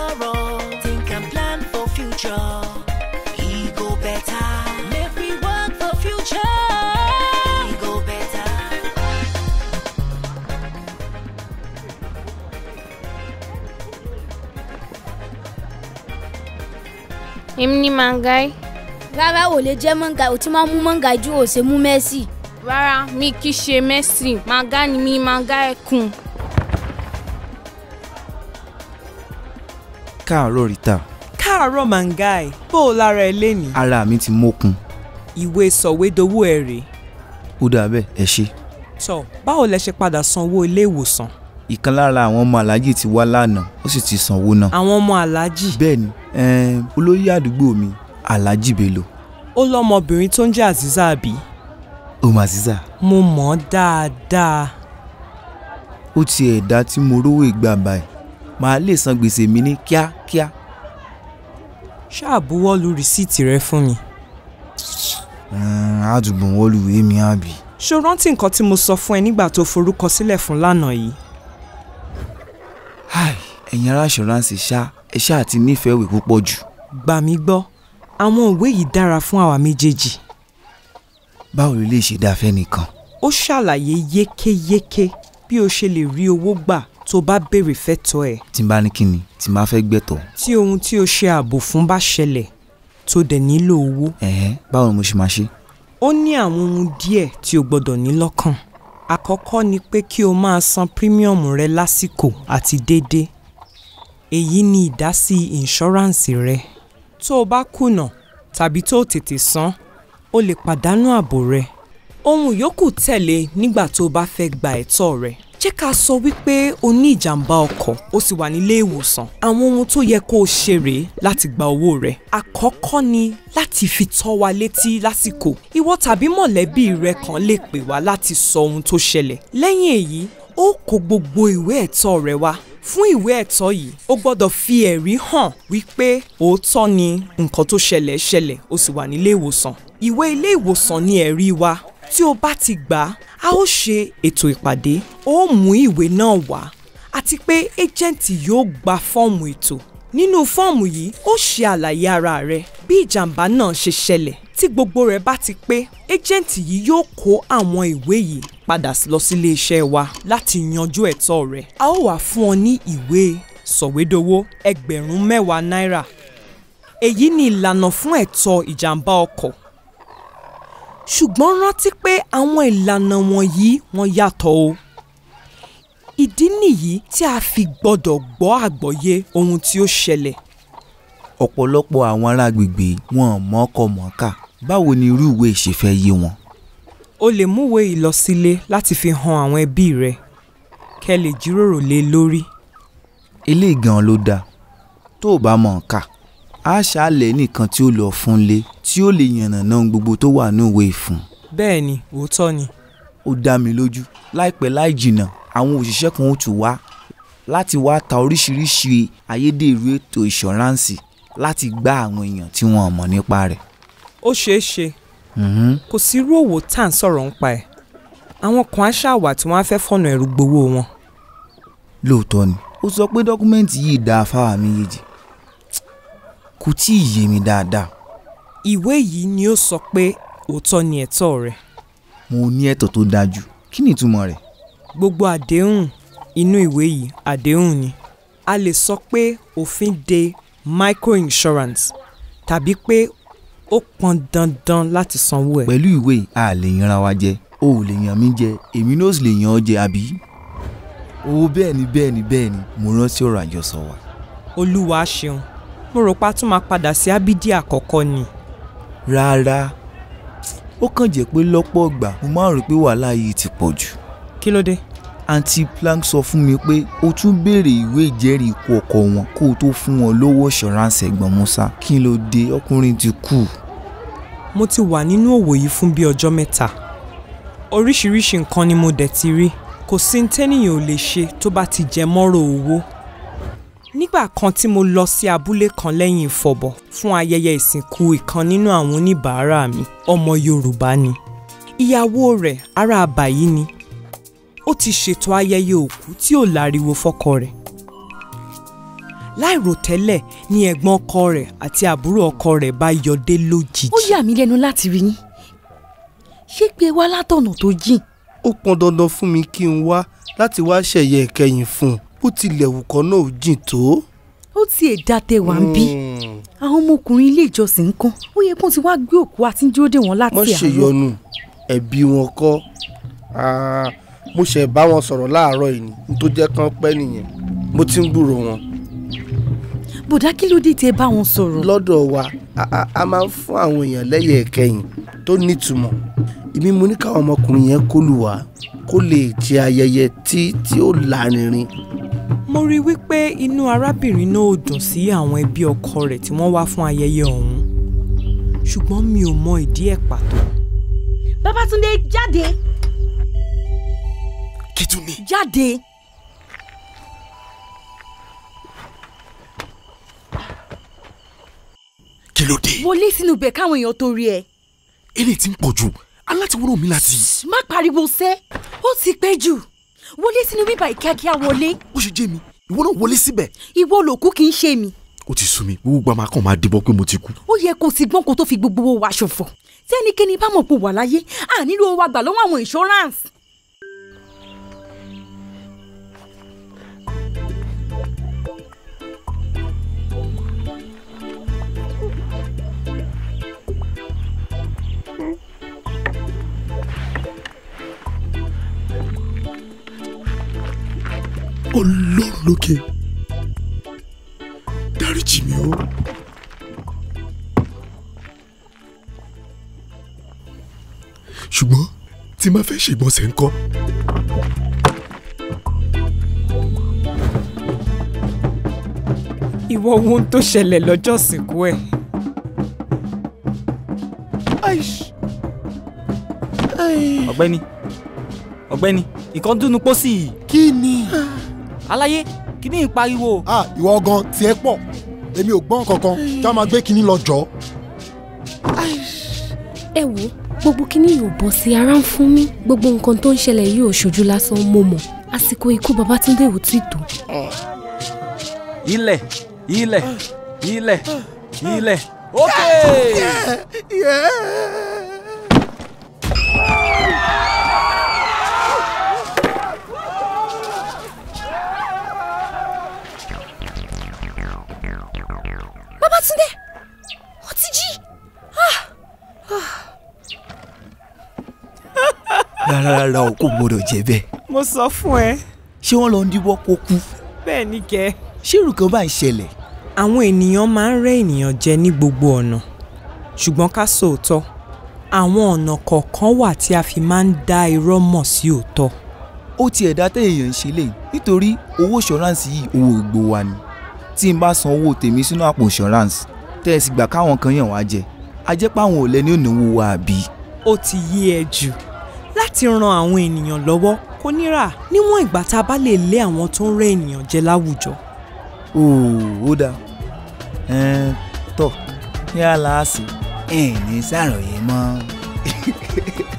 sorrow. Think and plan for future. He go better. Make work for future. He go better. Èmi ni Mangai. Rárá ò lè jẹ́ Mangai, ò ti máa mú Mangai ju ò ṣe mú Messi. Rárá mi kì í ṣe Messi, Manga ni mi, Manga ẹkùn. káàárọ̀ rita. káàárọ̀ mangai bó o lára ẹ lé ní. ara mi ti mókun. ìwé sọ̀wédowó ẹ rèé. ó dà bẹ́ẹ̀ ẹ ṣe. tọ báwo lẹ ṣe padà sanwó ilé ìwòsàn. ìkan lára àwọn ọmọ aláàjì ti wá lánàá ó sì ti sanwó náà. àwọn ọmọ aláàjì. bẹ́ẹ̀ni ẹn olóyè àdúgbò mi aláàjì bello. ó lọmọbìnrin tó ń jẹ́ aziza àbí. o mà aziza. mo mọ̀ ọ́ dáadáa. ó ti ẹ̀dá tí mo rówó ìgbà báyìí màá lè san gbèsè mi ní kíákíá. ṣáà buwọ́lu rìsíìtì rẹ fún mi. àdùgbọ̀n wọ́lù èmi àbí. ṣo rántí nǹkan tí mo sọ fún ẹ nígbà tó forúkọ sílẹ̀ fún lánàá yìí. ẹ̀yin ará ṣọ́ránsì ṣá ẹ ṣáà ti nífẹ̀ẹ́ ìwé púpọ̀ jù. gbà mí gbọ́ àwọn òwe yìí dára fún àwa méjèèjì. báwo ló lè ṣe dáa fẹ́ nìkan. ó ṣàlàyé yékéyéké bí o ṣe lè rí owó gbà tó bá béèrè fẹ́tọ́ ẹ̀. tí n bá ní kíni tí n bá fẹ́ gbẹ̀tọ̀. tí ohun tí o ṣe ààbò fún bá ṣẹlẹ̀ tó dẹ̀ nílò owó. ẹ̀hẹ́n báwo ni mo ṣe máa ṣe. ó ní àwọn ohun díẹ̀ tí o gbọ́dọ̀ ní lọ́kàn. àkọ́kọ́ ni pé kí o máa san premium rẹ lásìkò àti déédéé. èyí ni ìdásí ìǹṣọ́ráǹsì rẹ. tó o bá kùnà tàbí tó o tètè san o lè pàdánù ààbò rẹ. ohun yòókù tẹ̀lé nígbà tó o bá fẹ́ gba ẹ̀tọ́ rẹ jẹ́ ká sọ wípé o ní ìjàmbá ọkọ̀ o sì wà nílé ìwòsàn àwọn ohun tó yẹ kó o ṣe rèé láti gba owó rẹ àkọ́kọ́ ni láti fi tọ́ wa létí lásìkò ìwọ tàbí mọ̀lẹ́bí rẹ kan lè pè wá láti sọ ohun tó ṣẹlẹ̀ lẹ́yìn èyí ó kó gbogbo ìwé ẹ̀tọ́ rẹ wá fún ìwé ẹ̀tọ́ yìí o gbọ́dọ̀ fi ẹ̀rí hàn wípé òótọ́ ni nǹkan tó ṣẹlẹ̀ ṣẹlẹ̀ o sì wà nílé ìwòsàn ìwé ilé ìwòsàn ni ẹ̀rí wa tí o bá ti gbà a ó ṣe ètò ìpàdé ó mú ìwé náà wá àti pé ẹ́jẹ̀ǹtì yóò gba fọ́ọ̀mù ètò nínú fọ́ọ̀mù yìí ó ṣe àlàyé ara rẹ̀ bí ìjàmbá náà ṣe ṣẹlẹ̀ tí gbogbo rẹ̀ bá ti pé ẹ́jẹ̀ǹtì yìí yóò kó àwọn ìwé yìí padà lọ sílé iṣẹ́ wa láti yanjú ẹ̀tọ́ rẹ̀ a ó wá fún ọ ní ìwé sọ̀wédowó ẹgbẹ̀rún mẹ́wàá náírà èyí ni ìlànà fún ẹ̀tọ́ ìjàmbá ọkọ̀ ṣùgbọ́n rántí pé àwọn ìlànà wọ̀nyí wọ́n yàtọ̀ o ìdí nìyí tí a fi gbọ́dọ̀ gbọ́ àgbọ́yé ohun tí ó ṣẹlẹ̀. ọ̀pọ̀lọpọ̀ àwọn ará agbègbè wọn mọ́kọ mọ́kà báwo ni irú ìwé ṣe yé wọn. o lè múwèé ìlọsílé láti fi hàn àwọn ẹbí rẹ kẹ́ lè jíròrò lé e lórí. eléyìí gan ló dáa tó o bá mọ̀ ọ́n kà àṣàlẹ̀ nìkan tí ó lọ fún lé tí ó lè yànnàná gbogbo tó wà ní ìwé ìfún. bẹ́ẹ̀ ni òótọ́ ni. ó dá mi lójú láìpẹ́ láì jìnnà àwọn òṣìṣẹ́ kan ó tún wá láti wá ta oríṣiríṣi ayédèrú ètò ìṣọ́ránsì láti gba àwọn èèyàn tí wọ́n mọ̀ nípa rẹ̀. ó ṣeé ṣe mhm. kò sí irú òwò tá à ń sọ̀rọ̀ ń pa ẹ̀ àwọn kan á ṣàwà tí wọ́n á fẹ́ fọ̀nà ẹ̀rú gbowó wọn. lóòótọ́ ni ó sọ pé dọ́kúmẹ́ǹtì yìí dáa fáwa méjèèjì kò tí ì yé mi dáadáa. ìwé yìí ni ó sọ pé òótọ́ ni ẹ̀tọ́ rẹ. mo ní ẹ̀tọ́ tó dájú kí ni ìtumọ̀ rẹ̀. gbogbo àdéhùn inú ìwé yìí àdéhùn ni a lè sọ pé òfin de microinsurance tàbí pé ó pọn dandan láti sanwó ẹ̀. pẹ̀lú ìwé a lè yanra wa jẹ o ò lè yan mí jẹ èmi náà sì lè yan ọ́ jẹ àbí. o bẹ́ẹ̀ ni bẹ́ẹ̀ ni bẹ́ẹ̀ ni mo rántí ọ̀rọ̀ àjọsọ wa. olúwa ṣeun mo rò pa tún máa padà sí ábídí àkọ́kọ́ ni. rárá ó kàn jẹ́ pé lọ́pọ̀ ọgbà mo máa ń rò pé wàhálà yìí ti pọ̀ jù. kí ló dé. àǹtí plank sọ fún mi pé o tún béèrè ìwé ìjẹ́rìí ikú ọkọ wọn kó o tó fún wọn lówó ṣọ̀ránṣẹ́ ẹ̀gbọ́n Musa kí ló dé ọkùnrin ti kú. mo ti wà nínú òwò yìí fún bíi ọjọ́ mẹ́ta oríṣiríṣi nǹkan ni mo dẹ̀ ti rí kò sí tẹ́nìyàn ò lè ṣe tó bá ti jẹ mọ́rọ̀ owó nígbà kan tí mo lọ sí abúlé kan lẹ́yìn ìfọ̀bọ̀ fún ayẹyẹ ìsìnkú ìkan nínú àwọn oníbàárà mi ọmọ Yorùbá ni ìyàwó rẹ̀ ará àbàyí ni ó ti ṣètò ayẹyẹ òkú tí ò láriwo fọ́kọ rẹ̀ láìròtẹ́lẹ̀ ni ẹ̀gbọ́n ọkọ rẹ̀ àti àbúrò ọkọ rẹ̀ bá yọdé lójijì. ó yà mí lẹ́nu láti rí yín ṣé pé wá látọ̀nà tó jìn. ó pọn dandan fún mi kí n wá láti wá ṣẹ̀yẹ ìkẹyìn fún un bó tilẹ̀ wù kọ́ náà ò jìn tó. ó ti èdà tẹ wá ń bí hmm. àwọn ọmọkùnrin ilé ìjọsìn ń kán ó yẹ kó ti wá gbé òkú àti ń dúró dè láti àárọ̀. mo ṣèyọnu ẹbí wọn kọ́ ah, mo ṣe bá wọn sọ̀rọ̀ láàárọ̀ yìí ni tó jẹ́ kán pẹ́ nìyẹn mo ti ń gbúrò wọn. bùdá kí ló dé tẹ bá wọn sọ̀rọ̀. lọ́dọ̀ wa a máa ń fún àwọn èèyàn lẹ́yẹ̀ tó nítumọ̀ èmi mo ní káwọn ọmọkùnrin yẹn kó lù wá kó lè jẹ ayẹyẹ tí tí ó lárinrin. mo rí i wípé inú arábìnrin náà ò dùn sí àwọn ẹbí ọkọ rẹ̀ tí wọ́n wá fún ayẹyẹ ọ̀hún ṣùgbọ́n mi ò mọ ìdí ẹ̀ pàtó. Babátúndé jáde. kí jáde. kí ló dé. wọlé sínú bẹ̀ káwọn èèyàn tó rí ẹ. eléyìí ti ń pọ̀ jù alátiwọ́rọ̀ mi láti. má pariwo sẹ́ ó ti pẹ́ jù wọlé sínú bíbá ìkíákíá wọlé. Ah, ó ṣe jẹ́ mi ìwọ náà wọlé síbẹ̀. ìwọ olókù kì í ṣe mi. ó ti sú mi gbogbo àmà kan máa dìbọn pé mo ti kú. ó yẹ kó o ti gbọ́n kó tó fi gbogbo wa ṣòfò tẹ́nikẹ́ni bá mọ̀ pé wà láyé a nílò wa gbà lọ́wọ́ àwọn insurance ọlọ́run lókè dáríjì mi o. ṣùgbọ́n tí má fẹ́ ṣègbọ̀nsẹ̀ ńkọ́. ìwọ ohun tó ṣẹlẹ̀ lọ́jọ́ sìnkú ẹ̀. ọ̀gbẹ́ni ọ̀gbẹ́ni ìkan dúnú pósí. kí ni aláyé kíní ìpariwo. a ìwọ gan tiẹ̀ pọ̀ èmi ò gbọ́n kankan kí a máa gbé kíní lọ jọ. ẹ wo gbogbo kíní yóò bọ́ sí ara ń fún mi gbogbo nǹkan tó ń ṣẹlẹ̀ yìí ò ṣojú lásán mo mọ̀ àsìkò ikú Babátúndé ò tí tó. ilẹ̀ ilẹ̀ ilẹ̀ ilẹ̀ ókè. rárá rárá o kò gbọdọ̀ jẹ́ bẹ́ẹ̀. mo sọ fún ẹ. ṣé wọ́n lọ ń díwọ́ kó kú. bẹ́ẹ̀ ni kẹ́. ṣé irú kan bá ń ṣẹlẹ̀. àwọn ènìyàn máa ń rẹ́ ènìyàn jẹ ní gbogbo ọ̀nà ṣùgbọ́n ká sọ àwọn ọ̀nà kọ̀ọ̀kan wà tí a fi máa ń dá irọ́ mọ̀ sí òótọ́. ó ti ẹ̀dá tẹ èèyàn ń ṣe lè nítorí owó ṣọ́ráǹsì yìí owó gbogbo wa ni tí n bá san owó tèmi sínú àpò ṣọ́ráǹsì tẹ́ ẹ sì gbà káwọn kan yàn wá jẹ ajẹ́pàwọn ò lẹ́ni ònà owó wa àbí. ó ti yé ẹ jù láti ran àwọn ènìyàn lọ́wọ́ kó nírà níwọ̀n ìgbà tá a bá lè lé àwọn tó ń rẹ́ ènìyàn jẹ láwùjọ. ó dáa tọ́ yálà á sì ẹ̀ ní sàròyé mọ́.